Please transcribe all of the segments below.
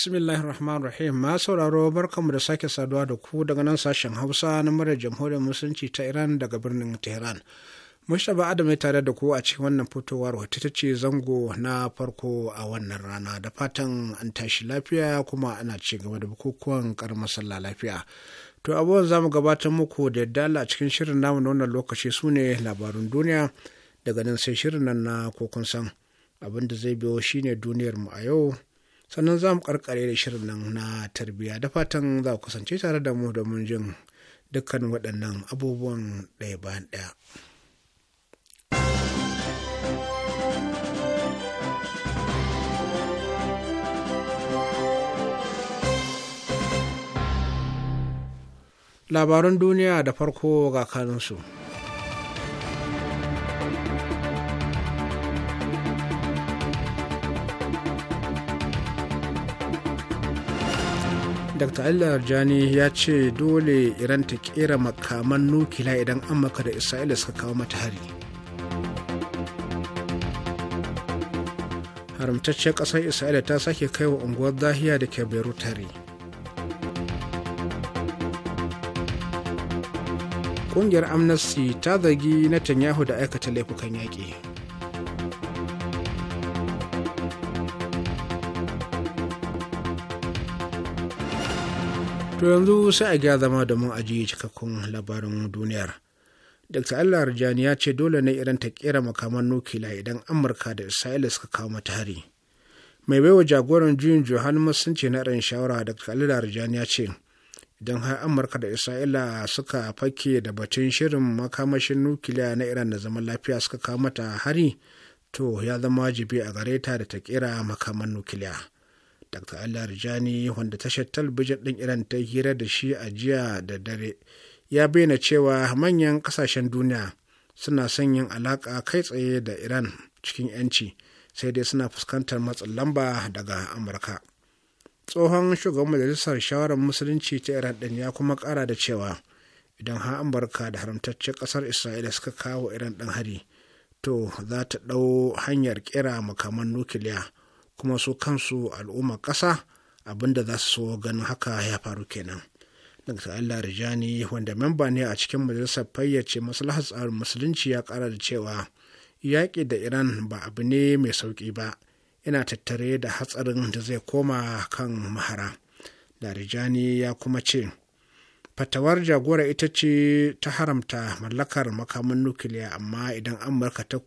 bismillahir rahmanir rahim ma sauraro barkamu da sake saduwa da ku daga nan sashen hausa na murar jamhuriyar musulunci ta iran daga birnin tehran mushaba adam ya tare da ku a cikin wannan fitowar wata ta ce zango na farko a wannan rana da fatan an tashi lafiya kuma ana ci gaba da bukukuwan karamar sallah lafiya to abubuwan zamu gabatar muku da yadda a cikin shirin namu na wannan lokaci su ne labarun duniya daga nan sai shirin nan na kokon san abin da zai biyo shine duniyar mu a yau sannan za mu karkare da shirin nan na tarbiyya da fatan za ku kasance tare da mu domin jin dukkan waɗannan abubuwan ɗaya bayan ɗaya. Labaran duniya da farko ga kanunsu. dr ali larjani ya ce dole iran ta kera makaman nukila idan amurka da isra'ila suka kawo mata hari haramtacciyar ƙasar isra'ila ta sake kai wa unguwar zahiya da ke beirut hari ƙungiyar amnesty ta zagi Tanyahu da aikata laifukan yaƙi to yanzu sai a gya zama mun ajiye cikakkun labarin duniyar dr allah rajani ya ce dole ne iran ta kera makaman nukila idan amurka da isra'ila suka kawo mata hari mai baiwa jagoran juyin johan ce na shawara dr allah rajani ya ce idan har amurka da isra'ila suka fake da batun shirin makamashin nukiliya na iran da zaman lafiya suka kawo mata hari to ya zama wajibi a gare ta da ta kera makaman nukiliya dr allah rijani wanda tashar talbijin ɗin iran ta hira da shi a jiya da dare ya bayyana cewa manyan ƙasashen duniya suna son yin alaƙa kai tsaye da iran cikin 'yanci sai dai suna fuskantar matsin lamba daga amurka tsohon shugaban majalisar shawarar musulunci ta iran ɗin ya kuma ƙara da cewa idan har amurka da haramtaccen ƙasar isra'ila suka kawo iran ɗin hari to za ta ɗau hanyar ƙira makaman nukiliya kuma su kansu al'ummar ƙasa abinda za su so ganin haka ya faru kenan dr allah rijani wanda memba ne a cikin majalisar fayyace maslahar tsarin musulunci ya ƙara da cewa yaƙi da iran ba abu ne mai sauƙi ba yana tattare da hatsarin da zai koma kan mahara larijani ya kuma ce fatawar jagora ita ce ta haramta mallakar makamin nukiliya amma idan amurka ta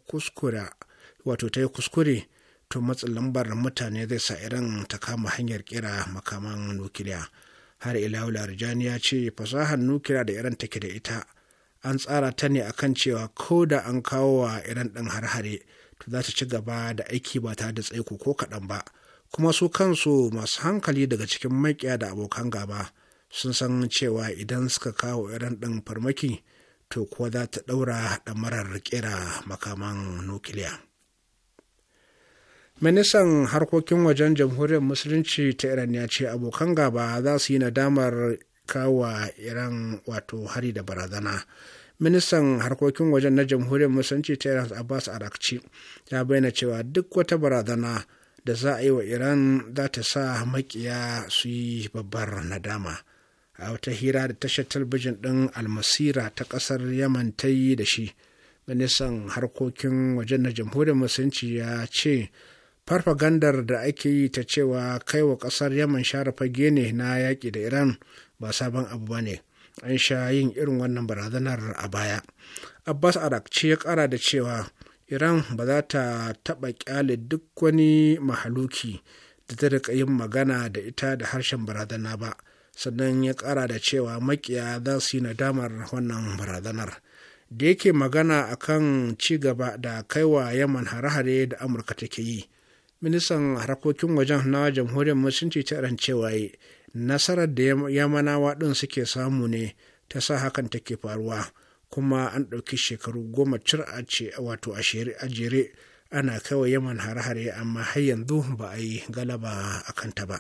wato ta yi kuskure to matsin lambar mutane zai sa iran ta kama hanyar kira makaman nukiliya har ila larijani ya ce fasahar nukiliya da iran take da ita an tsara ta ne akan cewa ko da an kawo wa iran ɗin har-hare to za ta ci gaba da aiki ba ta da tsaiko ko kaɗan ba kuma su kansu masu hankali daga cikin maƙiya da abokan gaba sun san cewa idan suka kawo iran ɗin farmaki to kuwa za ta ɗaura ɗamarar ƙera makaman nukiliya. ministan harkokin wajen jamhuriyar musulunci ta iran ya ce abokan gaba za su yi nadamar kawa iran wato hari da barazana ministan harkokin wajen na jamhuriyar musulunci ta iran abbas arakci ya bayyana cewa duk wata barazana da za a yi wa iran za ta sa makiya su yi babbar nadama a wata hira da tashar talbijin ɗin almasira ta ƙasar yaman ta yi da shi ministan harkokin wajen na jamhuriyar musulunci ya ce farfagandar da ake yi ta cewa kai wa ƙasar yaman share fage ne na yaƙi da iran ba sabon abu ba ne an sha yin irin wannan barazanar a baya abbas arakci ya ƙara da cewa iran ba za ta taɓa ƙyale duk wani mahaluki da ta riƙa yin magana da ita da harshen barazana ba sannan ya ƙara da cewa makiya za su yi nadamar wannan barazanar da yake magana akan ci gaba da kaiwa yaman hare-hare da amurka take yi ministan harkokin wajen na jamhuriyar musulunci ta iran cewa nasarar da yamanawa ɗin suke samu ne ta sa hakan take faruwa kuma an ɗauki shekaru goma cir a ce wato a jere ana kawai yaman hare-hare amma har yanzu ba a yi galaba a kanta ba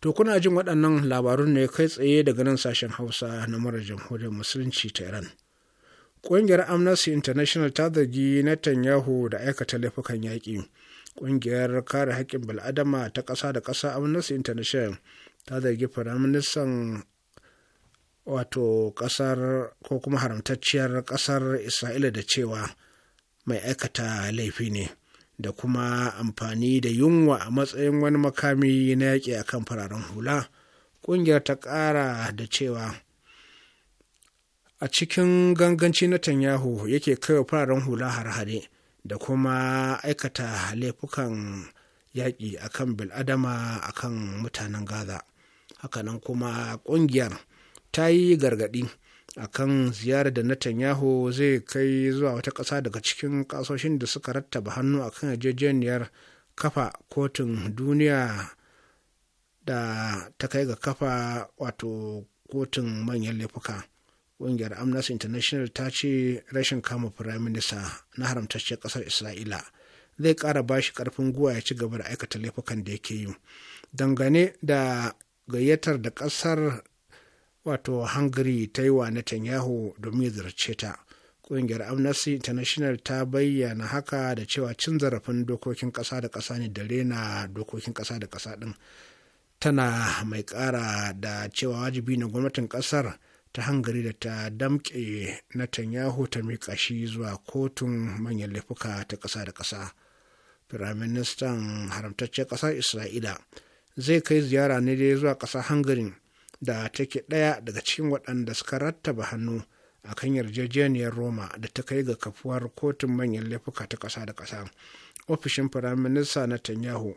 to kuna jin waɗannan labarun ne kai tsaye daga nan sashen hausa na mara jamhuriyar musulunci ta iran ƙungiyar amnesty international ta zargi netanyahu da aikata laifukan yaƙi ƙungiyar kare haƙƙin bil'adama ta ƙasa da ƙasa amnesty international ta zargi firaministan wato ƙasar ko kuma haramtacciyar ƙasar isra'ila da cewa mai aikata laifi ne da kuma amfani da yunwa a matsayin wani makami na yaƙi a kan fararen hula ƙungiyar ta ƙara da cewa a cikin ganganci na tanyahu yake kaiwa fararen hula har-hare da kuma aikata laifukan yaƙi a kan bil'adama a kan mutanen gaza hakanan kuma ƙungiyar ta yi gargaɗi a kan ziyarar da netanyahu zai kai zuwa wata ƙasa daga cikin ƙasashen da suka rattaba hannu a kan yarjejeniyar kafa kotun duniya da ta kai ga kafa wato kotun manyan laifuka ƙungiyar amnesty international ta ce rashin kama firayim minista na haramtacciyar ƙasar isra'ila zai ƙara ba shi ƙarfin guwa ya ci gaba da aikata laifukan da yake yi dangane da gayyatar da ƙasar wato hungary ta yi wa netanyahu domin zarce ta ƙungiyar amnesty international ta bayyana haka da cewa cin zarafin dokokin kasa da kasa ne da rena dokokin ƙasa da ƙasa ɗin tana mai ƙara da cewa wajibi na gwamnatin ƙasar ta hangari da ta damƙe Netanyahu ta miƙa shi zuwa kotun manyan laifuka ta ƙasa da ƙasa. Firaministan haramtaccen ƙasar Isra'ila zai kai ziyara ne dai zuwa ƙasar hangarin da take ɗaya daga cikin waɗanda suka rattaba hannu a kan yarjejeniyar Roma da ta kai ga kafuwar kotun manyan laifuka ta ƙasa da ƙasa. Ofishin Firaminista Netanyahu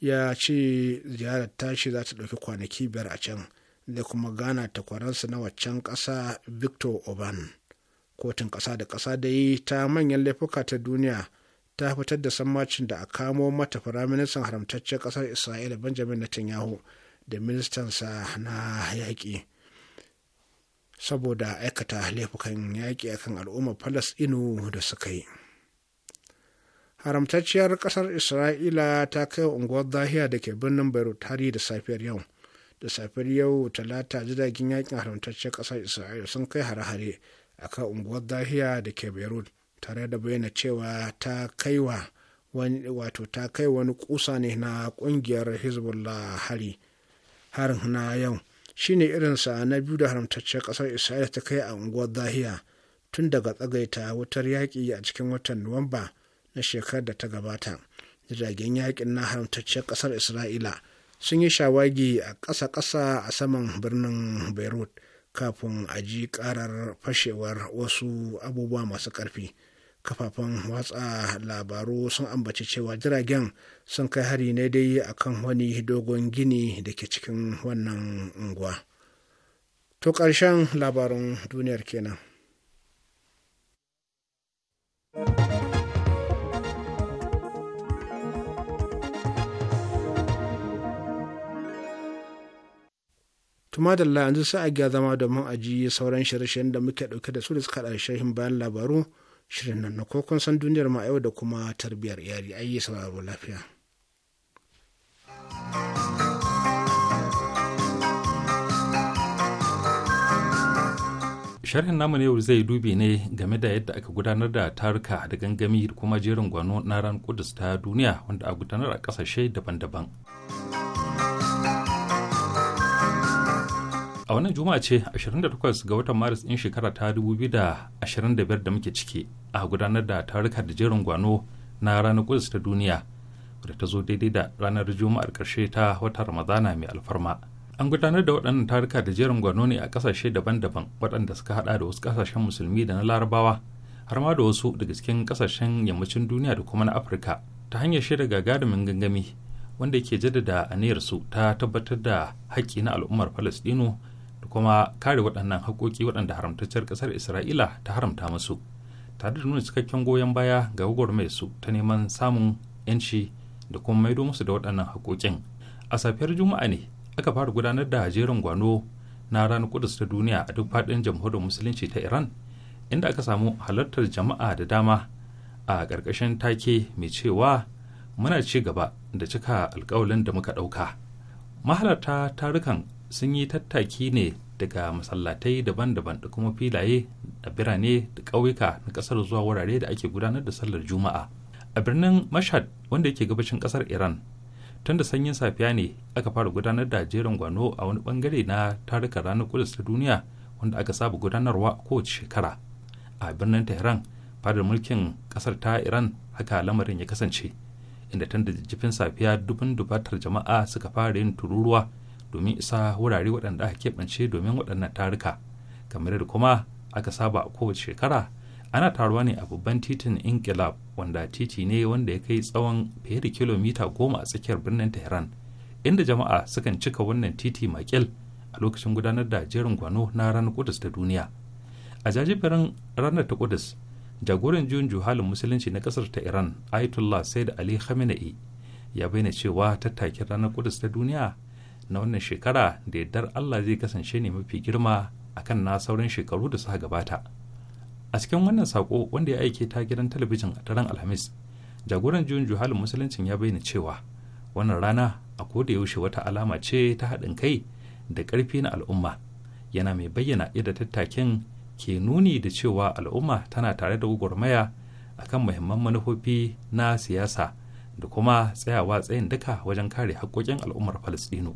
ya ce ziyarar tashi za ta ɗauki kwanaki biyar a can. da kuma gana takwaransa na waccan ƙasa victor oban kotun ƙasa da ƙasa da yi ta manyan laifuka ta duniya ta fitar da sammacin da a kamo mata firaministan haramtaccen ƙasar isra'ila benjamin netanyahu da ministansa na yaƙi saboda aikata laifukan yaƙi a kan al'ummar inu da suka yi haramtacciyar ƙasar isra'ila ta kai unguwar zahiya da ke birnin beirut hari da safiyar yau da safiyar yau talata jiragen yakin haramtaccen ƙasar isra'ila sun kai hare-hare a kan unguwar zahiya da ke beirut tare da bayyana cewa ta kaiwa wato ta kai wani kusa ne na kungiyar hezbollah hari harin na yau shine irinsa na biyu da haramtaccen ƙasar isra'ila ta kai a unguwar zahiya tun daga tsagaita wutar yaƙi a cikin watan nuwamba na shekarar da ta gabata jiragen yaƙin na haramtaccen ƙasar isra'ila sun yi shawagi a ƙasa-ƙasa a saman birnin beirut kafin a ji ƙarar fashewar wasu abubuwa masu ƙarfi kafafen watsa labaru sun ambaci cewa jiragen sun kai hari ne dai kan wani dogon gini da ke cikin wannan unguwa to ƙarshen labarin duniyar kenan. tuma da yanzu sai a gya zama domin a ji sauran shirye-shiryen da muke ɗauke da su da suka haɗa bayan labaru shirin nan na kokon san duniyar ma yau da kuma tarbiyyar iyali ayi sauraro lafiya. sharhin namu na yau zai dubi ne game da yadda aka gudanar da taruka da gangami da kuma jerin gwano na ran kudus ta duniya wanda a gudanar a kasashe daban-daban. a wannan juma'a ce 28 ga watan maris in shekara ta 2025 da muke ciki a gudanar da taruka da jerin gwano na ranar kudus ta duniya wadda ta zo daidai da ranar juma'ar karshe ta watan ramadana mai alfarma an gudanar da waɗannan taruka da jerin gwano ne a kasashe daban-daban waɗanda suka hada da wasu ƙasashen musulmi da na larabawa har ma da wasu daga cikin kasashen yammacin duniya da kuma na afirka ta hanyar shirya gagarumin gangami wanda ke jaddada aniyarsu ta tabbatar da haƙƙi na al'ummar falastino da kuma kare waɗannan haƙoƙi waɗanda haramtacciyar ƙasar isra'ila ta haramta musu tare da nuna cikakken goyon baya ga mai su ta neman samun 'yanci da kuma maido musu da waɗannan haƙoƙin a safiyar juma'a ne aka fara gudanar da jerin gwano na ranar kudus ta duniya a duk faɗin jamhuriyar musulunci ta iran inda aka samu halartar jama'a da dama a ƙarƙashin take mai cewa muna ci gaba da cika alƙawalin da muka ɗauka mahalarta tarukan sun yi tattaki ne daga masallatai daban-daban da kuma filaye da birane da ƙauyuka na ƙasar zuwa wurare da ake gudanar da sallar juma'a a birnin mashad wanda yake gabashin ƙasar iran tun da sanyin safiya ne aka fara gudanar da jerin gwano a wani bangare na taruka ranar kudus ta duniya wanda aka saba gudanarwa kowace shekara a birnin tehran fadar mulkin ƙasar ta iran haka lamarin ya kasance inda tun da jifin safiya dubin dubatar jama'a suka fara yin tururuwa domin isa wurare waɗanda aka keɓance domin waɗannan taruka kamar da kuma aka saba a kowace shekara ana taruwa ne a babban titin inkilab wanda titi ne wanda ya kai tsawon fiye da kilomita goma a tsakiyar birnin tehran inda jama'a sukan cika wannan titi makil a lokacin gudanar da jerin gwano na ranar kudus ta duniya a jajibirin ranar ta kudus jagoran juyin juhalin musulunci na kasar ta iran ayatollah said ali khamenei ya bayyana cewa tattakin ranar kudus ta duniya na wannan shekara da yardar Allah zai kasance ne mafi girma akan na sauran shekaru da suka gabata. A cikin wannan sako wanda ya aike ta gidan talabijin a daren Alhamis, jagoran juyin juhalin musuluncin ya bayyana cewa wannan rana a koda yaushe wata alama ce ta haɗin kai da ƙarfi na al'umma. Yana mai bayyana yadda tattakin ke nuni da cewa al'umma tana tare da gwagwarmaya akan muhimman manufofi na siyasa da kuma tsayawa tsayin duka wajen kare haƙƙoƙin al'ummar Falasɗinu.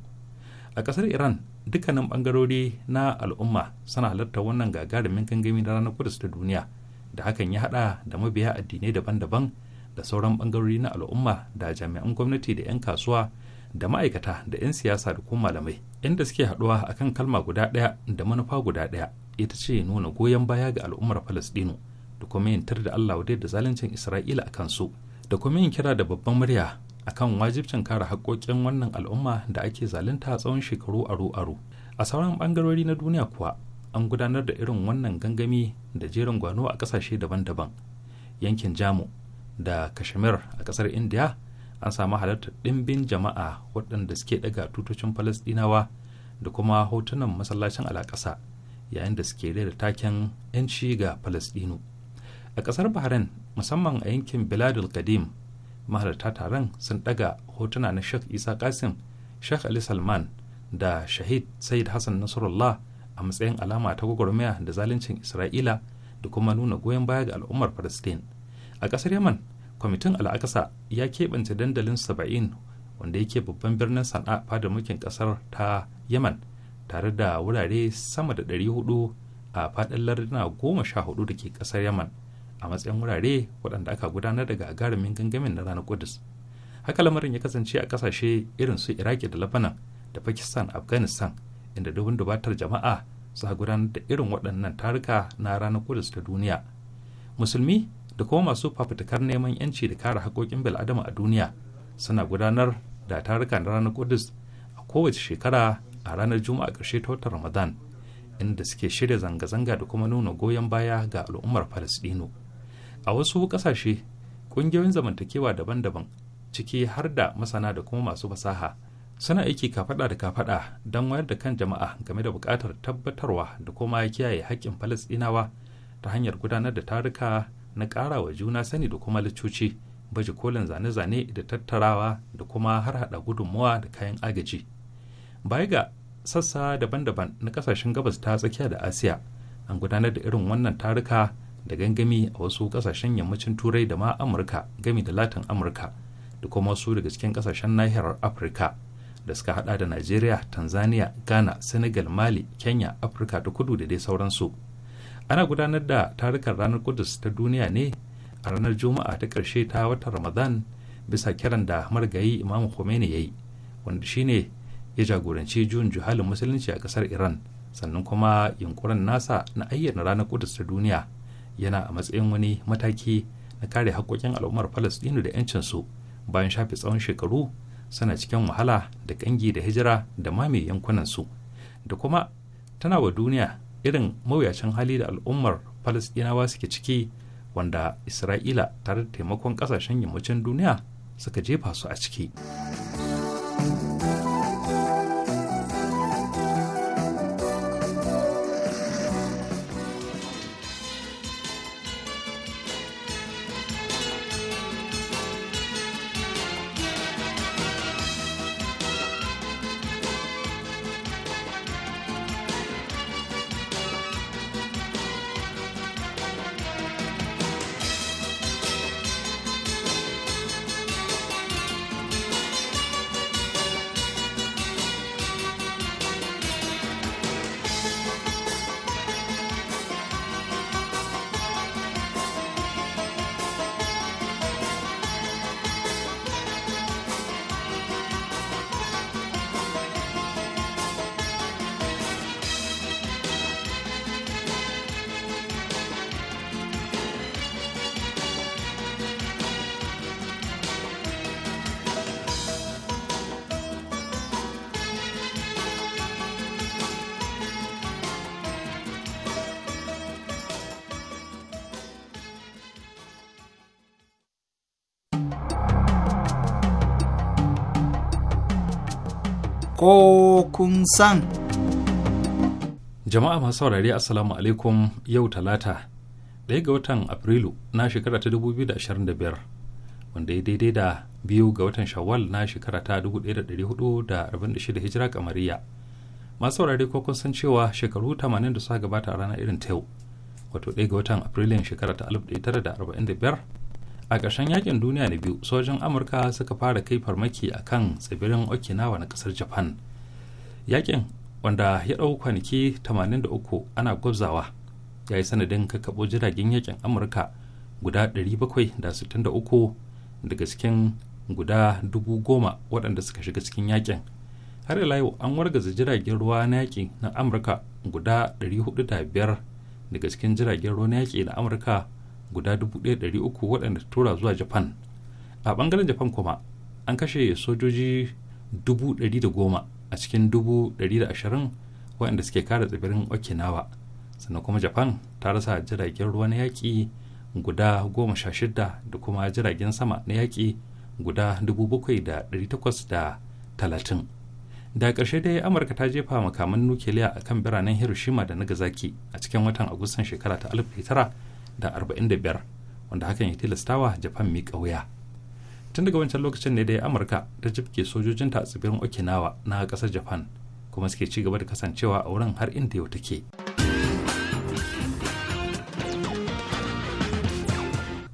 a kasar iran dukkanin bangarori na al'umma suna halarta wannan gagarumin gangami na ranar kudus ta duniya da hakan ya hada da mabiya addinai daban-daban da sauran bangarori na al'umma da jami'an gwamnati da 'yan kasuwa da ma'aikata da 'yan siyasa da kuma malamai inda suke haduwa akan kalma guda daya da manufa guda daya ita ce nuna goyon baya ga al'ummar falastinu da kuma yin tar da allah wadai da zaluncin isra'ila a kansu da kuma yin kira da babban murya akan wajibcin kare haƙoƙin wannan al'umma da ake zalunta tsawon shekaru aro-aro a sauran ɓangarori na duniya kuwa an gudanar da irin wannan gangami da jerin gwano a ƙasashe daban-daban yankin jamu da kashmir a ƙasar india an samu halartar ɗimbin jama'a waɗanda suke ɗaga tutocin falasɗinawa da kuma hotunan masallacin alaƙasa yayin da suke da taken 'yanci ga falasɗinu a ƙasar bahrain musamman a yankin biladul kadim mahalarta taron sun daga hotuna na sheikh isa kasim sheikh ali salman da shahid said hassan nasrullah a matsayin alama ta gwagwarmaya da zaluncin isra'ila da kuma nuna goyon baya ga al'ummar palestine a ƙasar yaman kwamitin al'akasa ya keɓance dandalin saba'in wanda yake babban birnin sana'a fadar mulkin ƙasar ta yaman tare da wurare sama da 400 a faɗin lardina goma sha hudu da ke ƙasar yaman a matsayin wurare waɗanda aka gudanar da gagarumin gangamin na ranar kudus haka lamarin ya kasance a kasashe irin su iraki da labanan da pakistan afghanistan inda dubin dubatar jama'a suka gudanar da irin waɗannan taruka na ranar kudus ta duniya musulmi da kuma masu fafutukar neman yanci da kare haƙoƙin bil'adama a duniya suna gudanar da taruka na ranar kudus a kowace shekara a ranar juma'a ƙarshe ta watan ramadan inda suke shirya zanga-zanga da kuma nuna goyon baya ga al'ummar falasɗinu a wasu ƙasashe ƙungiyoyin zamantakewa daban-daban ciki har da masana da kuma masu fasaha suna aiki kafaɗa da kafaɗa don wayar da kan jama'a game da buƙatar tabbatarwa da kuma kiyaye haƙƙin falasɗinawa ta hanyar gudanar da taruka na ƙara wa juna sani da kuma licoci baje kolin zane-zane da tattarawa da kuma har hada gudunmuwa da kayan agaji baya ga sassa daban-daban na ƙasashen gabas ta tsakiya da asiya an gudanar da irin wannan taruka da gangami a wasu kasashen yammacin turai da ma amurka gami da latin amurka da kuma wasu daga cikin kasashen nahiyar afirka da suka hada da najeriya tanzania ghana senegal mali kenya afirka da kudu da dai sauransu ana gudanar da tarukan ranar kudus ta duniya ne a ranar juma'a ta karshe ta watan ramadan bisa kiran da margayi imam khomeini ya yi wanda shine ya jagoranci juyin juhalin musulunci a kasar iran sannan kuma yunkurin nasa na ayyana ranar kudus ta duniya yana a matsayin wani mataki na kare hakokin al'ummar falastinu da su bayan shafe tsawon shekaru suna cikin wahala da ƙangi da hijira da mame yankunansu da kuma tana wa duniya irin mawuyacin hali da al'ummar falastinawa suke ciki wanda isra'ila tare da taimakon ƙasashen yammacin duniya suka jefa su a ciki. ko kun san. Jama'a masu saurari Assalamu alaikum yau talata ɗaya ga watan Afrilu na shekara ta 2025 wanda ya daidai da biyu ga watan Shawwal na shekara ta 1446 hijira kamariya. Masu saurari ko kun san cewa shekaru 80 da suka gabata a ranar irin ta yau wato ɗaya ga watan Afrilu shekara ta 1945 a ƙarshen yakin duniya na biyu sojin amurka suka fara kai farmaki a kan tsibirin okinawa na ƙasar japan yakin wanda ya ɗau kwanaki 83 ana gwabzawa ya yi sanadin kakkaɓo jiragen yakin amurka guda 763 daga cikin guda 10,000 waɗanda suka shiga cikin yakin har ila an wargaza jiragen ruwa na yaƙi na amurka guda 405 daga cikin jiragen ruwa na yaƙi na amurka guda 1,300 waɗanda tura zuwa japan a ɓangaren japan kuma an kashe sojoji 110,000 a cikin 120,000 waɗanda suke kare tsibirin okinawa sannan kuma japan ta rasa jiragen ruwa na yaƙi guda 16 da kuma jiragen sama na yaƙi guda 7,830 da ƙarshe dai amurka ta jefa makaman nukiliya a kan biranen hiroshima da nagasaki a cikin watan agustan shekara ta tara. da biyar wanda hakan ya tilastawa japan miƙa wuya tun daga wancan lokacin ne dai amurka ta jibke sojojinta a tsibirin okinawa na ƙasar japan kuma suke ci gaba da kasancewa a wurin har inda yau take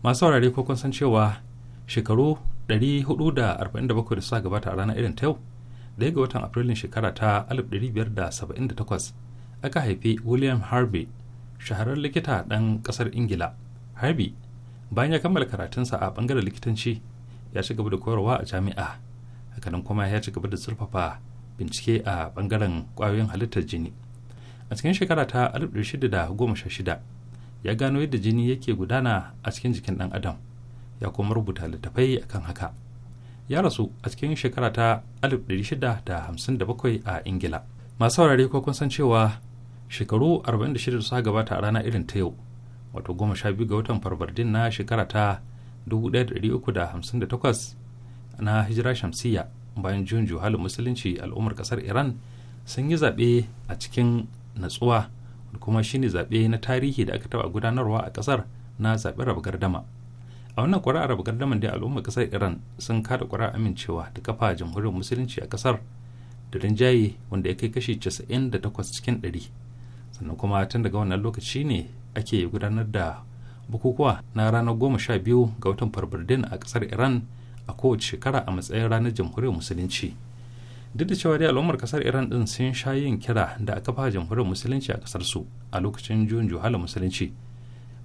masu saurare ko kun san cewa shekaru 447 da suka gabata a ranar irin ta yau daya ga watan afrilun shekara ta 1578 aka haifi william harvey Shaharar likita ɗan ƙasar ingila harbi bayan ya kammala karatunsa a ɓangaren likitanci ya ci gaba da koyarwa a jami'a hakanan kuma ya ci gaba da zurfafa bincike a ɓangaren ƙwayoyin halittar jini a cikin shekara ta 1616 ya gano yadda jini yake gudana a cikin jikin ɗan adam ya kuma rubuta littafai a kan haka ya rasu a cikin shekara ta 1657 a ingila masu saurare ko kun san cewa shekaru 46 da suka gabata a rana irin ta yau wato 12 ga watan farbardin na shekara ta 1358 na hijira shamsiyya bayan juyin juhalin musulunci al'ummar kasar iran sun yi zaɓe a cikin natsuwa kuma shine zaɓe na tarihi da aka taɓa gudanarwa a ƙasar na zaɓen raba gardama a wannan ƙuri'ar raba gardaman da al'ummar ƙasar iran sun kada ƙuri'ar amincewa da kafa jamhuriyar musulunci a ƙasar da rinjaye wanda ya kai kashi 98 cikin 100 sannan kuma tun daga wannan lokaci ne ake gudanar da bukukuwa na ranar goma sha biyu ga watan farbardin a kasar iran a kowace shekara a matsayin ranar jamhuriyar musulunci duk da cewa dai al'ummar kasar iran din sun sha yin kira da aka fara jamhuriyar musulunci a kasar su a lokacin juyin juhala musulunci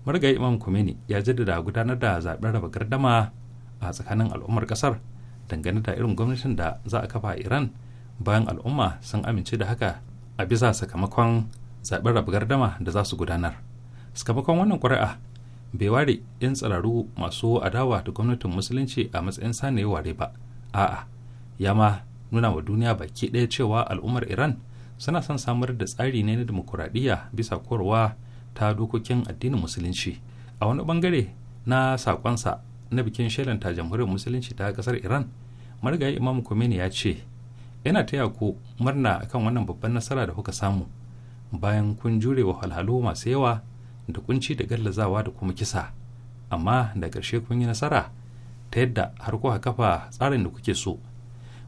marigayi imam kumeni ya jaddada gudanar da zaɓen raba gardama a tsakanin al'ummar kasar dangane da irin gwamnatin da za a kafa a iran bayan al'umma sun amince da haka a bisa sakamakon zaɓen rabu gardama da za su gudanar sakamakon wannan ƙuri'a bai ware 'yan tsararu masu adawa da gwamnatin musulunci a matsayin sane ware ba a'a ya ma nuna wa duniya baki ɗaya cewa al'ummar iran suna son samar da tsari ne na demokuraɗiyya bisa korwa ta dokokin addinin musulunci a wani bangare na sakonsa na bikin shelanta jamhuriyar musulunci ta ƙasar iran marigayi imam Khomeini ya ce yana taya ku murna akan wannan babban nasara da kuka samu bayan kun jure wa halhalu masu yawa da kunci da gallazawa da kuma kisa amma da ƙarshe kun yi nasara ta yadda har kuka kafa tsarin da kuke so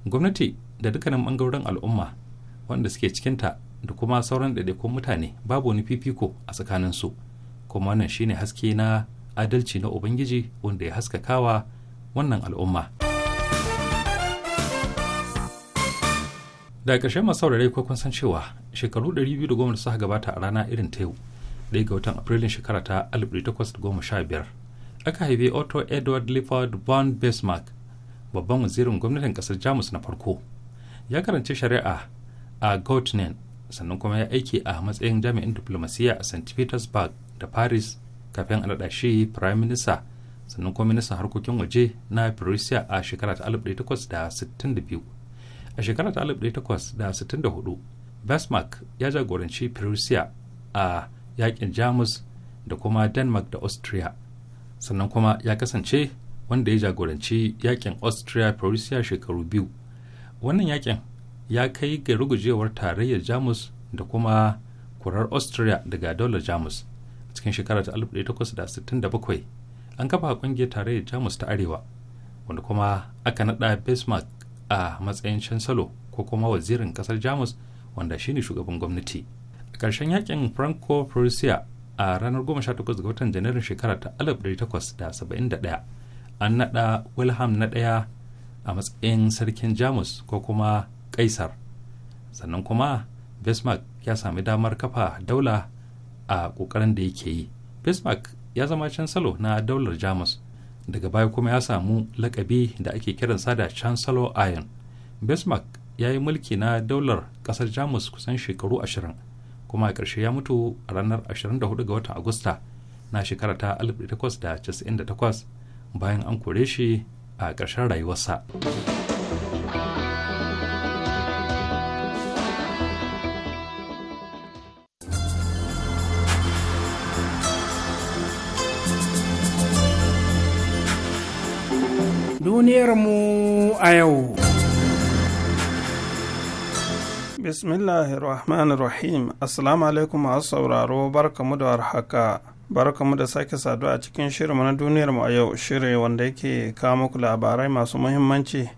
gwamnati da dukkanin ɓangarorin al'umma wanda suke cikinta da kuma sauran ɗaiɗaikun mutane babu wani fifiko a su kuma wannan shine haske na adalci na ubangiji wanda ya haskakawa wannan al'umma. daga ƙarshen masu saurare ko kun san cewa shekaru 210 suka gabata a rana irin ta yau da ga watan afrilun shekara ta 1815 aka haifi otto edward lifford von bismarck babban wazirin gwamnatin ƙasar jamus na farko ya karanci shari'a a göttingen sannan kuma ya aiki a matsayin jami'in diplomasiya a st petersburg da paris kafin a shi prime minister sannan kuma ministan harkokin waje na prussia a shekara ta 1862 a shekarar ta 1864 bismarck ya jagoranci prussia a yakin jamus da kuma denmark da austria sannan kuma ya kasance wanda ya jagoranci yakin austria prussia shekaru biyu wannan yakin ya kai ga rugujewar tarayyar jamus da kuma kurar austria daga daular jamus cikin shekarar ta 1867 an kafa kungiyar tarayyar jamus ta arewa wanda kuma aka naɗa bismarck a matsayin cansalo ko kuma wazirin kasar jamus wanda shine shugaban gwamnati a ƙarshen yakin franco prussia a ranar 18 ga watan janairun shekara ta 1871 an naɗa wilhelm na ɗaya a matsayin sarkin jamus ko kuma kaisar sannan kuma bismarck ya sami damar kafa daula a ƙoƙarin da yake yi bismarck ya zama cansalo na daular jamus daga baya kuma ya samu lakabi da ake kiransa da chancellor iron bismarck ya yi mulki na daular kasar jamus kusan shekaru ashirin kuma a ƙarshe ya mutu a ranar 24 ga watan agusta na shekara ta 1898 bayan an kore shi a ƙarshen rayuwarsa. Duniyarmu a yau. rahim. Assalamu alaikum masu sauraro barkamu da warhaka. Barkamu da sake saduwa a cikin shirinmu na duniyarmu a yau shirin wanda yake kawo muku labarai masu muhimmanci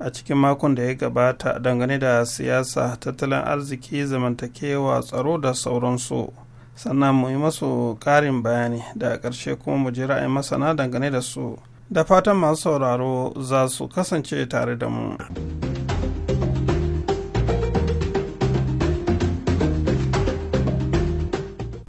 a cikin makon da ya gabata dangane da siyasa, tattalin arziki, zamantakewa, tsaro da sauransu. Sannan mu yi masu ƙarin bayani da ƙarshe kuma mu ji ra'ayin masana dangane da su. da fatan masu sauraro za su kasance tare da mu.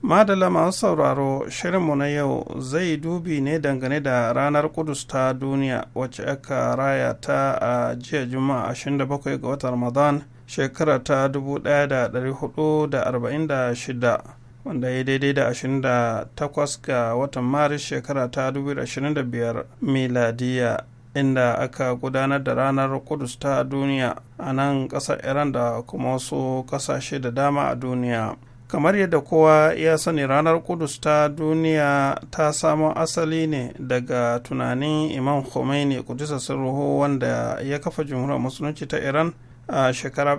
Madala masu sauraro shirinmu na yau zai dubi ne dangane da ranar kudus ta duniya wacce aka raya ta a jiya juma'a 27 ga watan ramadan shekara ta 1446 wanda ya daidai da 28 ga watan maris shekara ta 2025 miladiya inda aka gudanar da ranar kudus ta duniya a nan kasar iran da kuma wasu kasashe da dama a duniya kamar yadda kowa ya sani ranar kudus ta duniya ta samo asali ne daga tunanin imam khomeini kudisa sirruhu wanda ya kafa jumhuriyar musulunci ta iran a shekara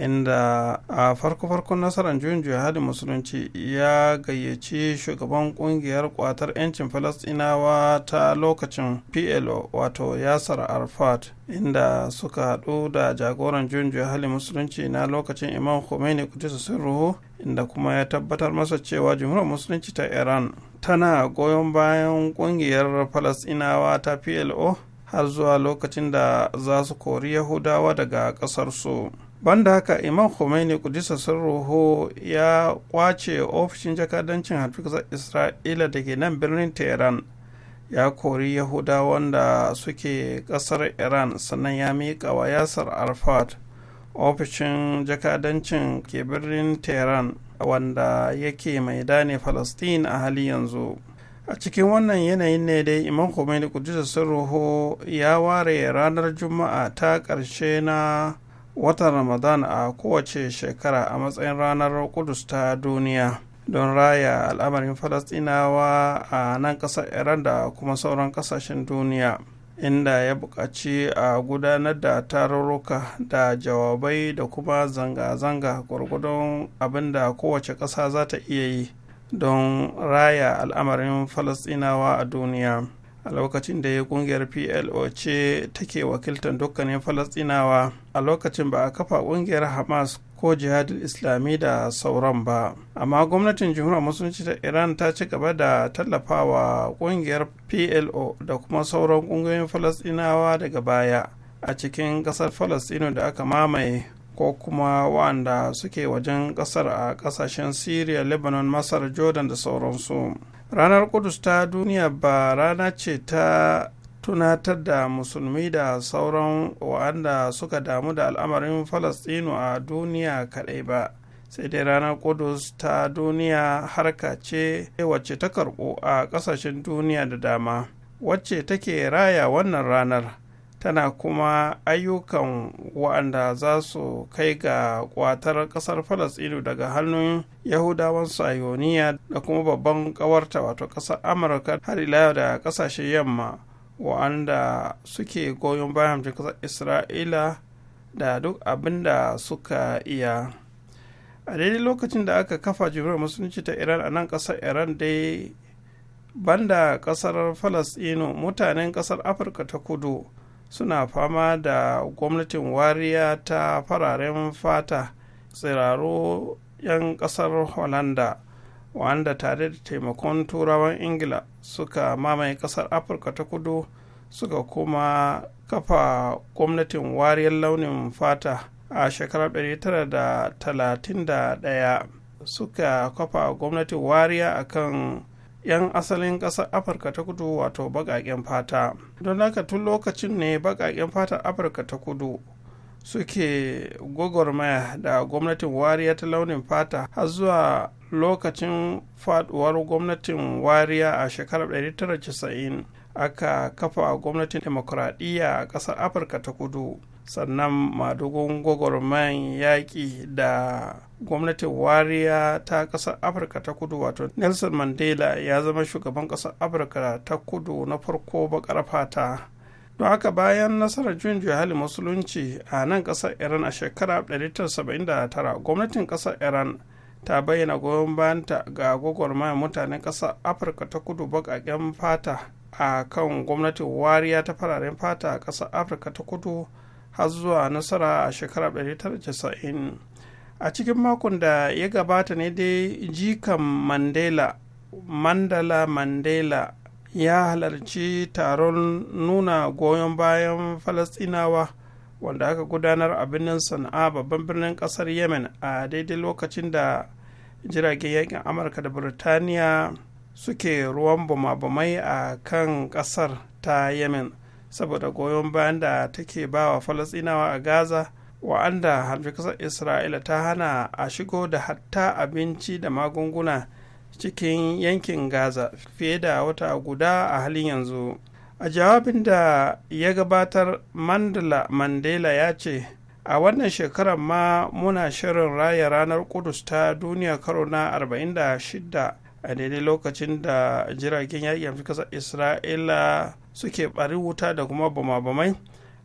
inda a farko-farkon nasarar juyin hali musulunci ya gayyaci shugaban kungiyar kwatar 'yancin falastinawa ta lokacin plo wato yasar arfat inda suka haɗu da jagoran juyin hali musulunci na lokacin imam khomeini kudisu sirruhu inda kuma ya tabbatar masa cewa jumhuriyar musulunci ta iran tana goyon bayan kungiyar falastinawa ta plo har zuwa lokacin da za su kori yahudawa daga ƙasarsu. banda haka imam khomeini kudisa roho ya kwace ofishin jakadancin hafizar isra'ila da ke nan birnin tehran ya kori yahuda wanda suke kasar iran sannan ya miƙa wa yasar arfat ofishin jakadancin ke birnin tehran wanda yake mai dane falastin a hali yanzu a cikin wannan yanayin ne dai imam khomeini kudisa roho ya ware ranar juma'a ta karshe na watan ramadan a kowace shekara a matsayin ranar kudus ta duniya don raya al'amarin falastinawa a nan ƙasar iran da kuma sauran ƙasashen duniya inda ya buƙaci a gudanar da tarurruka da jawabai da kuma zanga-zanga gwargwadon abin da kowace ƙasa za ta iya yi don raya al'amarin falastinawa a duniya. a lokacin da ya kungiyar plo ce take wakiltar dukkanin falastinawa a lokacin ba a kafa kungiyar hamas ko jihadin islami da sauran ba amma gwamnatin jamhuriyar musulunci ta iran ta ci gaba da tallafawa kungiyar plo da kuma sauran kungiyoyin falastinawa daga baya a cikin kasar falastinu da aka mamaye ko kuma waɗanda suke wajen ƙasar a kasashen syria lebanon masar jordan da sauransu ranar kudus ta duniya ba rana ce ta tunatar da musulmi da sauran wa'anda suka damu da al'amarin falastinu a duniya kaɗai ba sai dai ranar kudus ta duniya harka ce wacce ta karɓo a ƙasashen duniya da dama wacce take raya wannan ranar tana kuma ayyukan waɗanda za su kai ga kwatar ƙasar falasɗinu daga hannun yahudawan sayoniya da kuma babban ƙawarta wato ƙasar amurka har ila da ƙasashen yamma waɗanda suke goyon bayan ƙasar isra'ila da duk abin da suka iya a daidai lokacin da aka kafa jimurar musulunci ta iran a nan ƙasar iran dai banda ƙasar falasɗinu mutanen ƙasar afirka ta kudu suna fama da gwamnatin wariya ta fararen fata tsiraro 'yan kasar holanda wanda tare da taimakon turawan ingila suka mamaye kasar afirka ta kudu suka kuma kafa gwamnatin wariyar launin fata a shekarar 1931 suka kafa gwamnatin wariya akan 'yan asalin ƙasar afirka ta kudu wato baƙaƙen fata don haka tun lokacin ne baƙaƙen fatar afirka ta kudu suke gwagwarmaya da gwamnatin wariya ta launin fata har zuwa lokacin faduwar gwamnatin wariya a shekarar 1990 aka kafa gwamnatin demokuraɗiyya a ƙasar afirka ta kudu sannan madugun gwagwarmayan yaƙi da gwamnatin wariya ta ƙasar afirka ta kudu wato nelson mandela ya zama shugaban ƙasar afirka ta kudu na farko baƙar fata don haka bayan nasarar juyin juhali musulunci a nan ƙasar iran a shekara 1979 gwamnatin ƙasar iran ta bayyana goyon bayanta ga gwagwarmayar mutanen ƙasar afirka ta kudu baƙaƙen fata a kan gwamnatin wariya ta fararen fata a ƙasar afirka ta kudu har zuwa nasara a shekarar 1990 a cikin makon da ya gabata ne dai jikan mandela mandala mandela ya halarci taron nuna goyon bayan falastinawa wanda aka gudanar a birnin sana'a babban birnin kasar yemen a daidai lokacin da jiragen yakin amurka da birtaniya suke ruwan bama a kan kasar ta yemen saboda goyon bayan da take bawa falastinawa a gaza wa'anda harfi kasar isra'ila ta hana a shigo da hatta abinci da magunguna cikin yankin gaza fiye da wata guda a halin yanzu a jawabin da ya gabatar mandela mandela ya ce a wannan shekarar ma muna shirin raya ranar kudus ta duniya karo na 46 a daidai lokacin da jiragen yaƙi kasar isra'ila suke ɓari wuta da kuma bama-bamai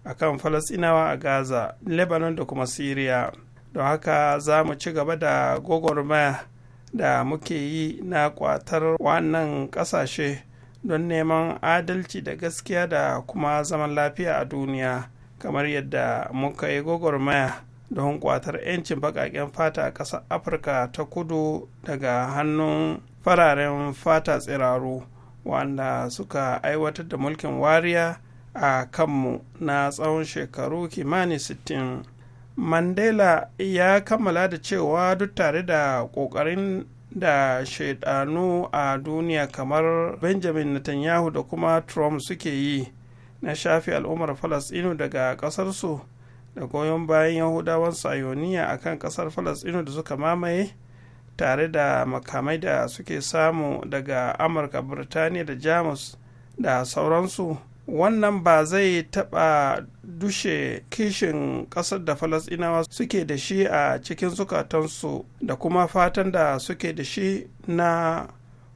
a kan falasinawa a gaza lebanon da kuma syria don haka za mu ci gaba da gwagwarmaya da muke yi na kwatar wannan kasashe don neman adalci da gaskiya da kuma zaman lafiya a duniya kamar yadda muka yi gwagwarmaya don kwatar 'yancin baƙaƙen fata a ƙasar afirka ta kudu daga hannun fararen fata tsiraru wanda suka aiwatar da mulkin wariya a kanmu na tsawon shekaru kimanin sittin. mandela ya kammala da cewa duk tare da ƙoƙarin da shaidanu a duniya kamar benjamin netanyahu da kuma trump suke yi na shafi al'ummar falasɗinu daga ƙasarsu da goyon bayan yahudawan sayoniya a kan ƙasar falasɗinu da suka mamaye tare da makamai da suke samu daga amurka birtaniya da jamus da sauransu wannan ba zai taɓa dushe kishin ƙasar da falasɗinawa suke da shi a cikin zukatansu da kuma fatan da suke da shi na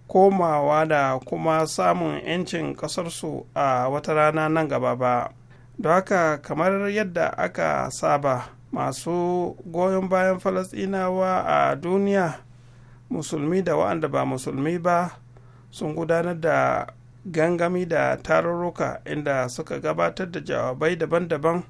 komawa da kuma samun 'yancin ƙasarsu a wata rana nan gaba ba da haka kamar yadda aka saba masu goyon bayan falasɗinawa a duniya musulmi da wa'anda ba musulmi ba sun gudanar da gangami da tarurruka inda suka gabatar da jawabai daban-daban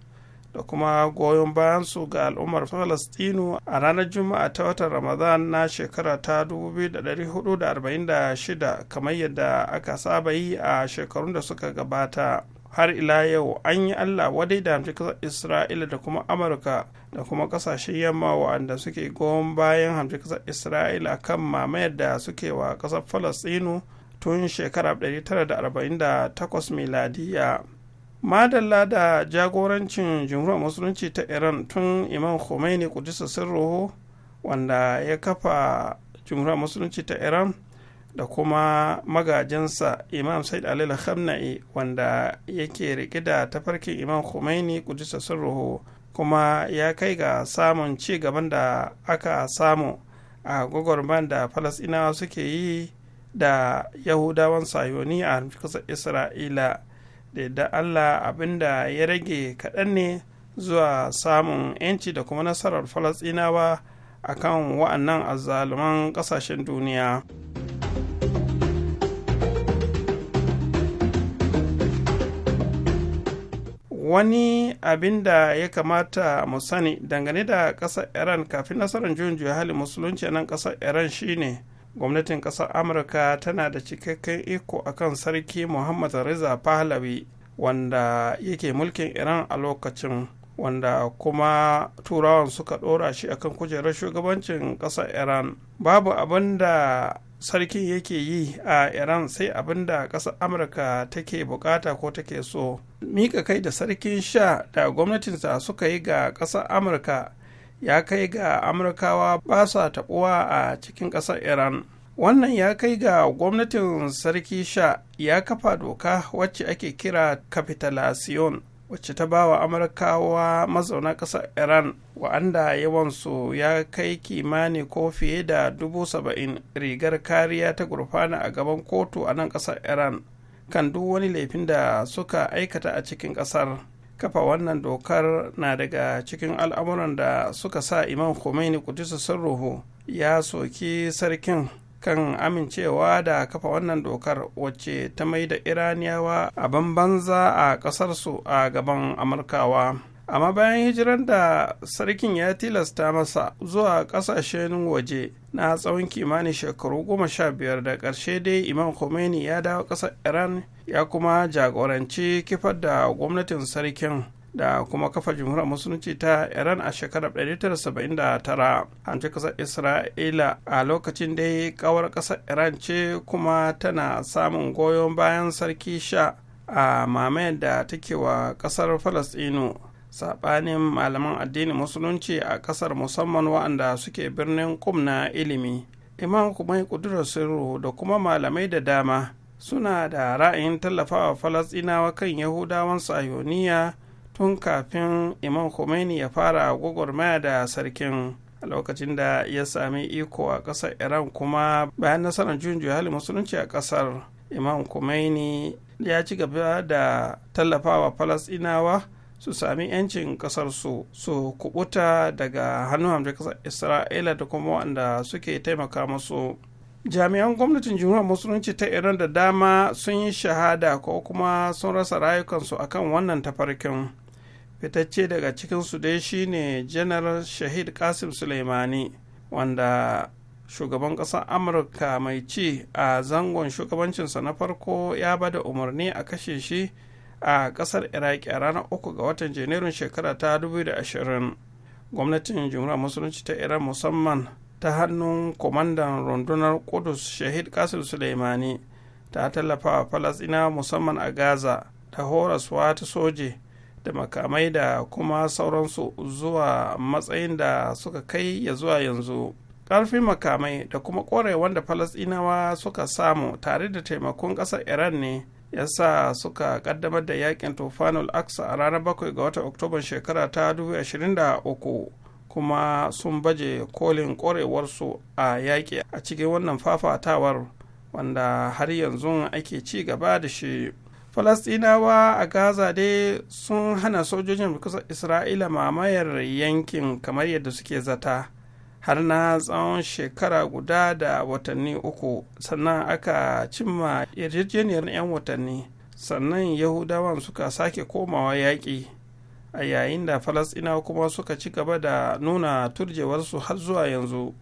da kuma goyon bayansu ga al'ummar falastinu a ranar juma'a ta watan ramadan na shekara ta 2446 kamar yadda aka saba yi a shekarun da suka gabata har ila yau an yi allah wadai da hamci kasar isra'ila da kuma amurka da kuma kasashen yamma wa'anda suke goyon bayan hamci kasar isra'ila kan mamayar da suke wa kasar falastinu tun shekarar 1948 miladiya madalla da jagorancin jumhuriyar musulunci ta iran tun imam khomeini kudisa sirruhu wanda ya kafa jumhuriyar musulunci ta iran da kuma magajinsa imam said alil khamna'i wanda yake rike da tafarkin imam khomeini kudisa sirruhu kuma ya kai ga samun ci gaban da aka samu a gwagwarman da falasinawa suke yi da yahudawan sayoni a kasar isra'ila da yadda allah abinda ya rage kaɗan ne zuwa samun 'yanci da kuma nasarar falasinawa a kan wa'annan azzaluman ƙasashen duniya wani abin da ya kamata mu sani dangane da ƙasar iran kafin nasarar juyin juya hali musulunci nan ƙasar iran shine gwamnatin ƙasar amurka tana da cikakken iko akan sarki muhammad reza pahlavi wanda yake mulkin iran a lokacin wanda kuma turawan suka ɗora shi akan kujerar shugabancin ƙasar iran babu abin da sarkin yake yi a iran sai abin da ƙasar amurka take bukata ko take so mika kai da sarkin sha da gwamnatinsa suka yi ga ƙasar amurka ya kai ga amurkawa ba sa taɓuwa a cikin ƙasar iran wannan ya kai ga gwamnatin sarki sha ya kafa doka wacce ake kira capitulation wacce ta ba wa amurkawa mazauna ƙasar iran wa'anda yawansu ya kai kimani ko fiye da dubu saba'in rigar kariya ta gurfana a gaban kotu a nan ƙasar iran kan duk wani laifin da suka aikata a cikin ƙasar kafa wannan dokar na daga cikin al'amuran da suka sa imam khomeini sun sarruhu ya soki sarkin kan amincewa da kafa wannan dokar wacce ta mai da iraniyawa a banza a kasarsu a gaban amurkawa amma bayan hijirar da sarkin ya tilasta masa zuwa kasashen waje na tsawon kimanin shekaru goma sha biyar da karshe dai imam khomeini ya dawo ƙasar iran ya kuma jagoranci kifar da gwamnatin sarkin da kuma kafa jamhuriyar musulunci ta iran a shekarar 1979 hanci kasar isra'ila a lokacin dai kawar kasar iran ce kuma tana samun goyon bayan sarki sha a mamayar da take wa kasar falastinu saɓanin malaman addinin musulunci a ƙasar musamman waɗanda suke birnin kum na ilimi imam kuma kudurar sirru da kuma malamai da dama suna da ra'ayin tallafawa falasɗinawa kan yahudawan sayoniya tun kafin imam khomeini ya fara gwagwarmaya da sarkin a lokacin da ya sami iko a ƙasar iran kuma bayan nasarar juyin hali musulunci a ƙasar imam khomeini ya ci gaba da tallafawa falasɗinawa su sami 'yancin ƙasarsu su kubuta daga hannun hamshe ƙasar isra'ila da kuma wanda suke taimaka musu jami'an gwamnatin jihar musulunci ta iran da dama sun yi shahada ko kuma sun rasa rayukansu akan wannan tafarkin fitacce daga cikinsu dai shine janar shahid kasim suleimani wanda shugaban ƙasar amurka mai ci a zangon shugabancinsa na farko ya bada umarni a kashe shi a kasar iraki a ranar uku ga watan janairun shekara ta 2020 gwamnatin jumhuriyar musulunci ta iran musamman ta hannun kwamandan rundunar kudus shahid kasir suleimani ta tallafa wa falasina musamman a gaza ta horaswa ta soje da makamai da kuma sauransu zuwa matsayin da suka kai ya zuwa yanzu ƙarfin makamai da kuma ƙorewan wanda falasinawa suka samu tare da taimakon ƙasar iran ne ya sa suka kaddamar da yakin tufanul aksa a ranar 7 ga watan oktoban shekara ta 2023 kuma sun baje kolin korewarsu a yaƙi a cikin wannan fafatawar wanda har yanzu ake ci gaba da shi falastinawa a gaza dai sun hana sojojin kusa isra'ila mamayar yankin kamar yadda suke zata har na tsawon shekara guda da watanni uku sannan aka cimma yarjejeniyar 'yan watanni sannan yahudawan suka sake komawa yaƙi a yayin da falasɗinawa kuma suka ci gaba da nuna turjewarsu har zuwa yanzu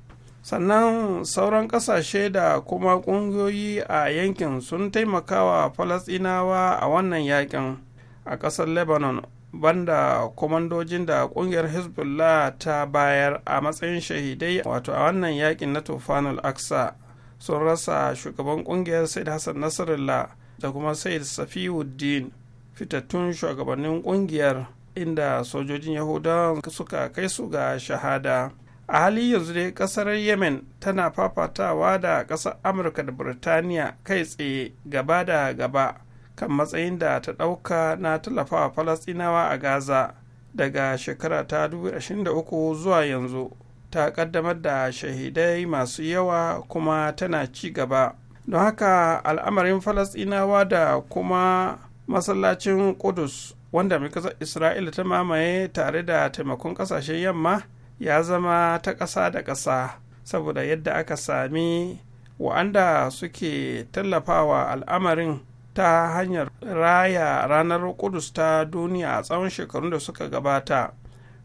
sannan sauran ƙasashe da kuma ƙungiyoyi a yankin sun taimakawa falasɗinawa a wannan yaƙin a ƙasar lebanon banda kwamandojin da kungiyar hezbollah ta bayar a matsayin shahidai wato a wannan yakin na tufanul aksa sun rasa shugaban kungiyar said hassan nasarallah da kuma said safiuddin fitattun shugabannin kungiyar inda sojojin yahudawan suka kai su ga shahada a hali yanzu dai kasar yemen tana fafatawa da kasar amurka da birtaniya kai tsaye gaba da gaba kan matsayin da ta ɗauka na tallafawa falasɗinawa a gaza daga shekara ta 2023 zuwa yanzu ta ƙaddamar da shahidai masu yawa kuma tana ci gaba don haka al'amarin falasɗinawa da kuma masallacin kudus wanda mai isra'ila ta mamaye tare da taimakon ƙasashen yamma ya zama ta ƙasa da ƙasa saboda yadda aka sami wa'anda suke tallafawa al'amarin ta hanyar raya ranar kudus ta duniya a tsawon shekarun da suka gabata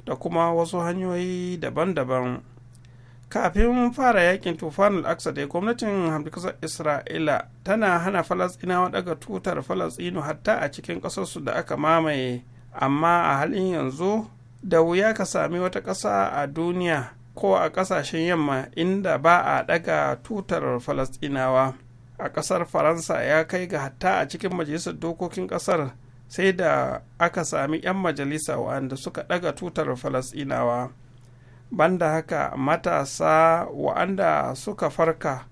da kuma wasu hanyoyi daban-daban kafin fara yakin tufanin aksa dai gwamnatin Kasar isra'ila tana hana falasɗinawa daga tutar falasɗinu hatta a cikin ƙasarsu da aka mamaye amma a halin yanzu da wuya ka sami wata ƙasa a duniya ko a ƙasashen yamma inda ba a daga tutar falasɗinawa a ƙasar faransa ya kai ga hatta a cikin majalisar dokokin ƙasar sai da aka sami 'yan majalisa wa'anda suka ɗaga tutar falasɗinawa banda haka matasa wa'anda suka farka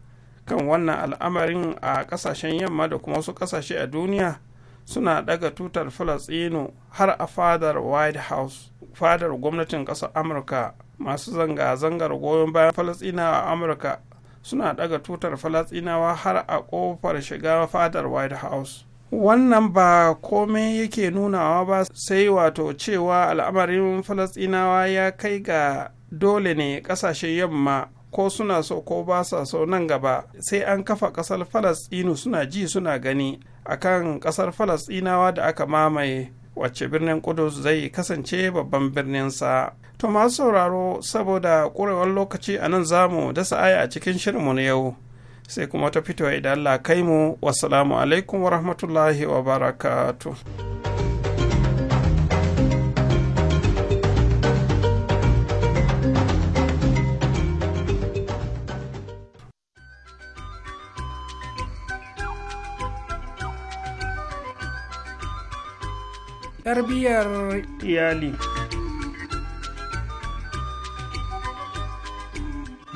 kan wannan al'amarin a ƙasashen yamma da kuma wasu ƙasashe a duniya suna ɗaga tutar falasɗinu har a fadar white house fadar gwamnatin ƙasar amurka masu zanga-zangar goyon bayan falasinawa a amurka suna daga tutar falatsinawa har a kofar shiga fadar white house wannan ba komai yake nunawa ba sai wato cewa al'amarin falatsinawa ya kai ga dole ne kasashen yamma ko suna so ko ba sa so nan gaba sai an kafa kasar falasɗinu suna ji suna gani akan kasar falasɗinawa da aka mamaye wacce birnin kudus zai kasance babban birninsa to masu sauraro saboda ƙurewar lokaci a nan zamu dasa aya a cikin shirinmu na yau sai kuma ta fito idan allah kai mu wasalamu alaikum wa rahmatullahi wa barakatuh tarbiyyar iyali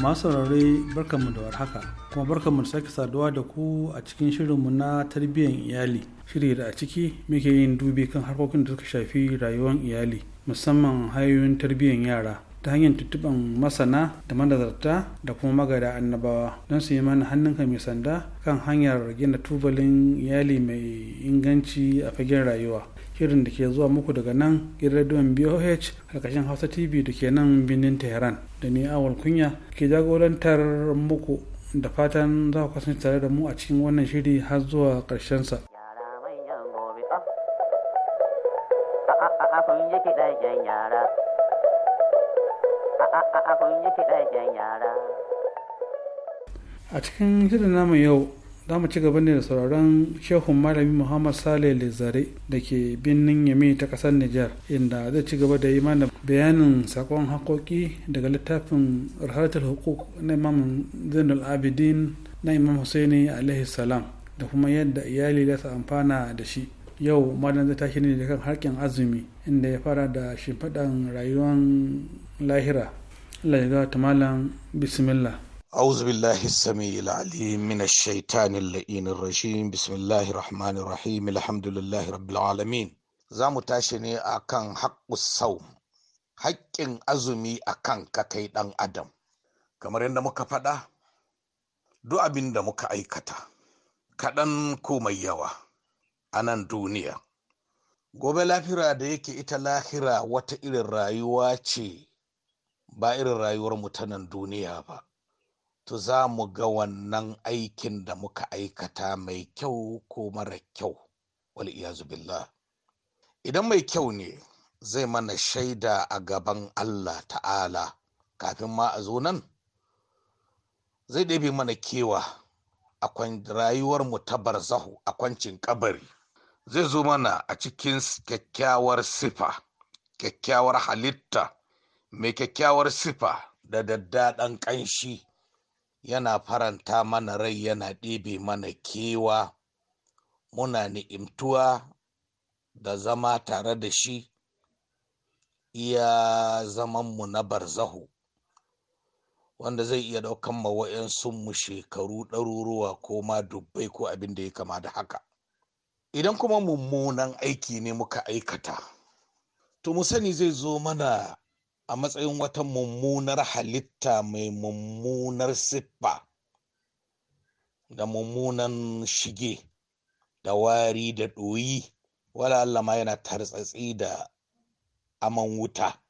masu saurare barkanmu da warhaka kuma barkanmu da sake saduwa da ku a cikin shirinmu na tarbiyyar iyali shiri da a ciki muke yin dubi kan harkokin da suka shafi rayuwar iyali musamman hanyoyin tarbiyyar yara ta hanyar tuttuban masana da manazarta da kuma magada annabawa don su yi mana ka mai sanda kan hanyar gina tubalin iyali mai inganci a fagen rayuwa shirin da ke zuwa muku daga nan irradiyon boh karkashin hausa tv da ke nan birnin tehran da ni awal kunya ke jagorantar muku da fatan za ku kasance tare da mu a cikin wannan shiri har zuwa ƙarshensa. a cikin shirin namu yau za mu ci gaba ne da sauraron shehun malami muhammad saleh lezare da ke birnin yami ta kasar nijar inda zai ci gaba da yi mana bayanin sakon haƙoƙi daga littafin raharatul hukuk na imam zainul abidin na imam husaini alaihi salam da kuma yadda iyali za su amfana da shi yau malam zai tashi ne da kan harkin azumi inda ya fara da shimfiɗan rayuwan lahira allah ya ga malam bismillah أعوذ بالله السميع العليم من الشيطان اللئين الرجيم بسم الله الرحمن الرحيم الحمد لله رب العالمين zamu tashi ne a kan haƙusau haƙƙin azumi akan ka kai ɗan adam kamar yadda muka faɗa duk abin da muka aikata kaɗan ko mai yawa a nan duniya gobe lafira da yake ita lahira wata irin rayuwa ce ba irin rayuwar mu ta nan duniya ba to za mu ga wannan aikin da muka aikata mai kyau ko mara kyau wal billah idan mai kyau ne zai mana shaida a gaban allah ta'ala kafin ma a zo nan zai ɗabi mana kewa a rayuwar mu ta barzahu a kwancin kabari zai zo mana a cikin kyakkyawar sifa kyakkyawar halitta mai kyakkyawar sifa da daddaɗan ƙanshi yana faranta mana rai yana ɗebe mana kewa muna ni'imtuwa da zama tare da shi iya zamanmu na barzahu wanda zai iya ɗaukan ma mu shekaru ɗaruruwa ko ma dubbai ko abin da ya kama da haka idan kuma mummunan aiki ne muka aikata to mu sani zai zo mana a matsayin wata mummunar halitta mai mummunar siffa da mummunan shige da wari da ɗoyi wala Allah ma yana tartsatsi da aman wuta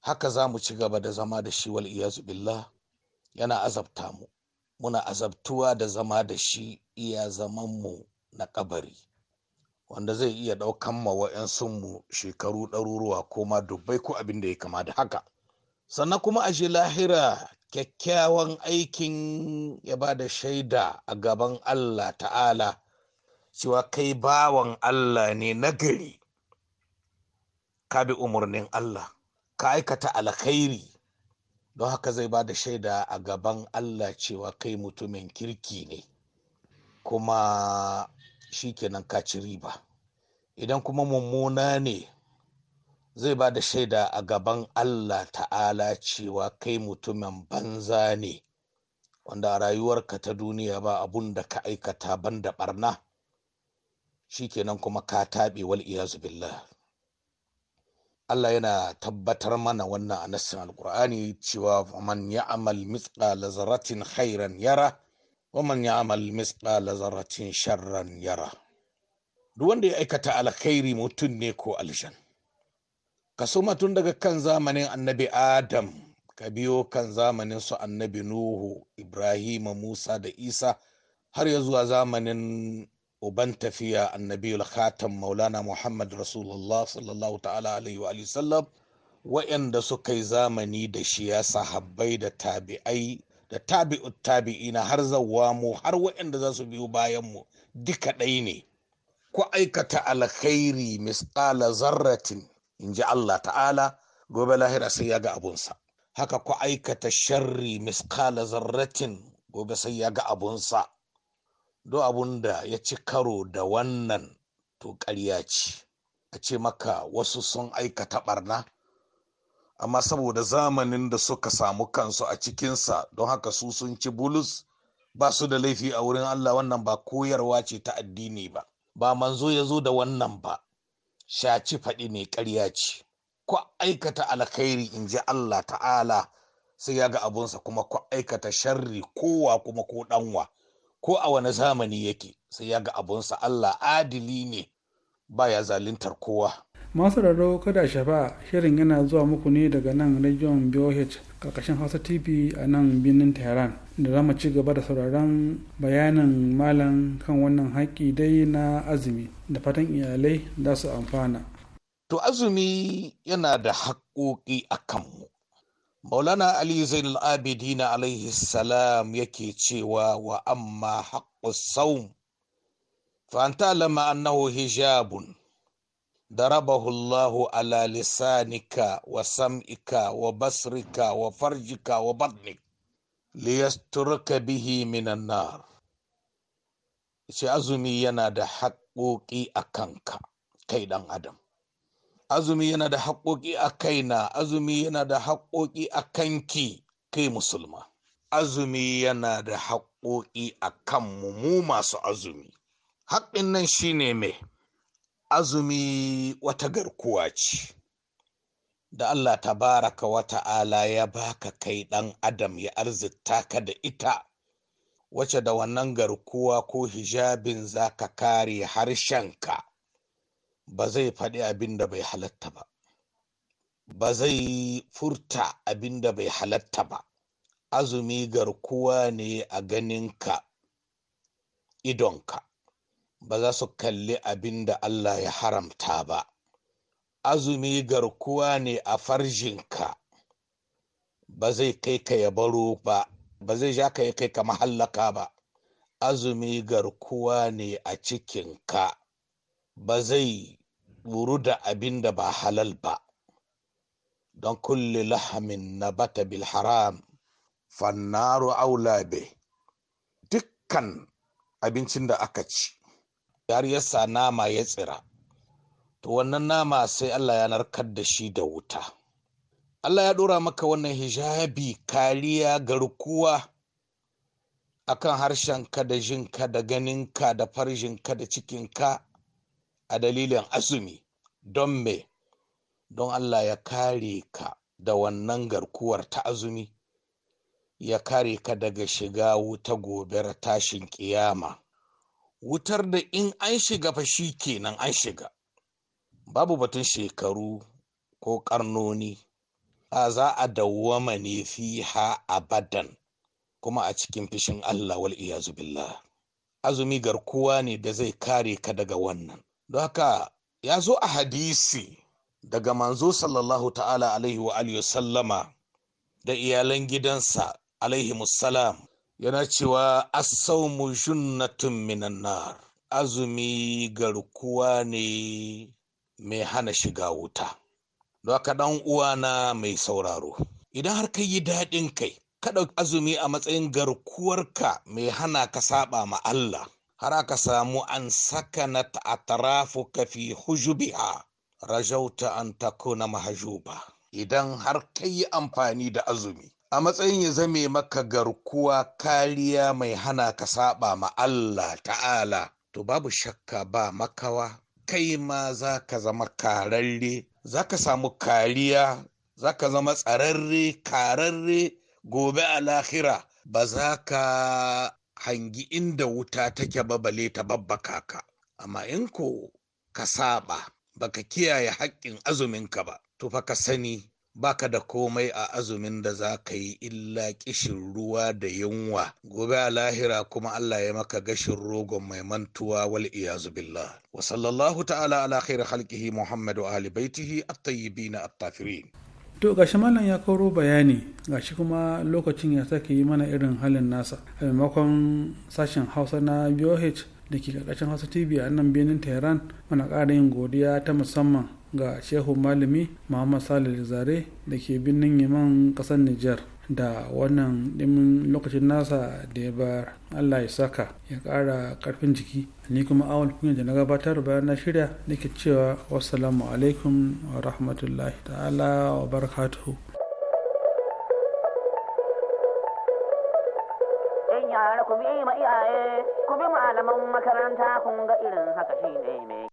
haka za mu ci gaba da zama da shi wal iyazu billah yana azabta mu muna azabtuwa da zama da shi iya zaman mu na kabari wanda zai iya ɗaukan ma sunmu shekaru ɗaruruwa ko ma dubbai ko abin da ya kama da haka sannan kuma a shi lahira kyakkyawan aikin ya ba da shaida a gaban allah ta'ala cewa kai bawan allah ne nagari ka bi umarnin allah ka aikata alkhairi don haka zai ba da shaida a gaban allah cewa kai mutumin kirki ne kuma shi kenan ka ci riba idan kuma mummuna ne zai ba da shaida a gaban allah ta'ala cewa kai mutumin banza ne wanda a rayuwarka ta duniya ba abun da ka aikata ban da barna shikenan kuma ka taɓe wal iyazu billah Allah yana tabbatar mana wannan a nassin alkur'ani cewa man amal mithqala lazaratin khairan yara ومن يعمل مثقال ذرة شرا يرى duk wanda ya aikata alkhairi mutum ne ko aljan kaso tun daga kan zamanin annabi adam ka biyo kan zamanin su annabi nuhu Ibrahim, musa da isa har ya zuwa zamanin uban tafiya annabi khatam maulana muhammad rasulullah sallallahu ta'ala alaihi wa'yanda suka zamani da shi ya sahabbai da tabi'ai da tabi'u tabi'ina har zawwa mu har waɗanda za su biyo bayan mu duka ɗai ne ku aikata alkhairi misqala zarratin in ji Allah ta'ala gobe lahira sai ya ga abunsa haka ku aikata sharri misqala zarratin gobe sai ya ga abunsa do abun da ya ci karo da wannan to ƙarya ce a ce maka wasu sun aikata ɓarna. amma saboda zamanin da suka samu kansu a cikinsa don haka su sun ci bulus ba su da laifi a wurin Allah wannan ba koyarwa ce ta addini ba ba manzo ya zo da wannan ba shaci faɗi ne karya ce ku aikata alkhairi in ji Allah ta'ala sai ya ga abunsa kuma ku aikata sharri kowa kuma ko ɗanwa ko a wani zamani yake sai ya ga abunsa Allah adili ne ba ya zaluntar kowa masu raro kada shafa shirin yana zuwa muku ne daga nan rajon BOH karkashin Hausa TV a nan birnin Tehran da za mu ci gaba da sauraron bayanin malam kan wannan haƙƙi dai na azumi da fatan iyalai za su amfana. To azumi yana da haƙoƙi a kanmu. Maulana Ali Zainul Abidina alaihi salam yake cewa wa amma haƙƙus saum fa'anta lama annahu hijabun ضربه الله على لسانك وسمعك وبصرك وفرجك وبطنك ليسترك به من النار shi azumi yana da haƙoƙi a kanka kai ɗan adam azumi yana da haƙoƙi a kaina azumi yana da haƙoƙi a kanki kai musulma azumi yana da haƙoƙi a kanmu mu masu azumi haƙƙin nan shine me. azumi wata garkuwa ce da Allah ta baraka wa ta'ala ya baka kai ɗan adam ya arzita ka da ita wace da wannan garkuwa ko hijabin za ka kare harshenka ba zai faɗi abin da bai halatta ba ba zai furta abin da bai halatta ba azumi garkuwa ne a ganin ganinka idonka ba za su kalli abin da Allah ya haramta ba azumi garkuwa ne a farjinka ba zai kai ka ya baro ba ba zai ja ka ya kai ka mahallaka ba azumi garkuwa ne a cikinka ba zai wuru da abin da ba halal ba don kulle lahamin na bata bil haram fannaru aula be dukkan abincin da aka ci har yasa nama ya tsira to wannan nama sai Allah ya narkar da shi da wuta Allah ya ɗora maka wannan hijabi kariya garkuwa akan harshen harshenka da ka da ganinka da farjinka da cikinka a dalilin azumi don me don Allah ya kare ka da wannan garkuwar ta azumi ya kare ka daga shiga wuta gobe tashin kiyama wutar da in an shiga fa shi kenan an shiga babu batun shekaru ko karnoni a za a dawwama ne ha abadan kuma a cikin fishin Allah wal iyazu billah azumi garkuwa ne da zai kare ka daga wannan don haka ya zo a hadisi daga manzo sallallahu ta'ala alaihi wa alihi sallama da iyalan gidansa alaihi musallam yana cewa asaumu junnatun minan nar azumi garkuwa ne mai hana shiga wuta haka dan uwana mai sauraro idan har ka yi daɗin kai ka ɗauki azumi a matsayin garkuwarka mai hana ka saba ma Allah har aka samu an saka na ka fi hujubiha rajauta an takuna mahajuba idan har ka yi amfani da azumi a matsayin ya zame maka garkuwa kariya mai hana ka saba ma Allah ta'ala to babu shakka ba makawa kai ma za ka zama kararre za ka samu kariya za ka zama tsararre kararre gobe a lahira ba za ka hangi inda wuta take babale ta babbaka ka amma in ko ka saba baka kiyaye haƙƙin azuminka ba to fa ka sani baka da komai a azumin da za ka yi illa kishin ruwa da yunwa gobe a lahira kuma Allah ya maka gashin rogon mai mantuwa wal iyazu billah wa sallallahu ta'ala ala khair khalqihi muhammadu ali baitihi at-tayyibin at-tafirin to gashi malam ya koro bayani gashi kuma lokacin ya sake yi mana irin halin nasa a maimakon sashen hausa na BOH da ke karkashin hausa tv a nan birnin tehran muna ƙara yin godiya ta musamman ga shehu malami muhammad salih zare da ke birnin yaman ƙasar niger da wannan ɗimin lokacin nasa da ya bayar allah ya saka ya ƙara ƙarfin jiki ni kuma awon kunya da na gabatar bayan na shirya nake cewa wassalamu alaikum wa rahmatullahi ta'ala wa barakatuhu ku bi ma iyaye ku bi malaman makaranta kun ga irin haka ne mai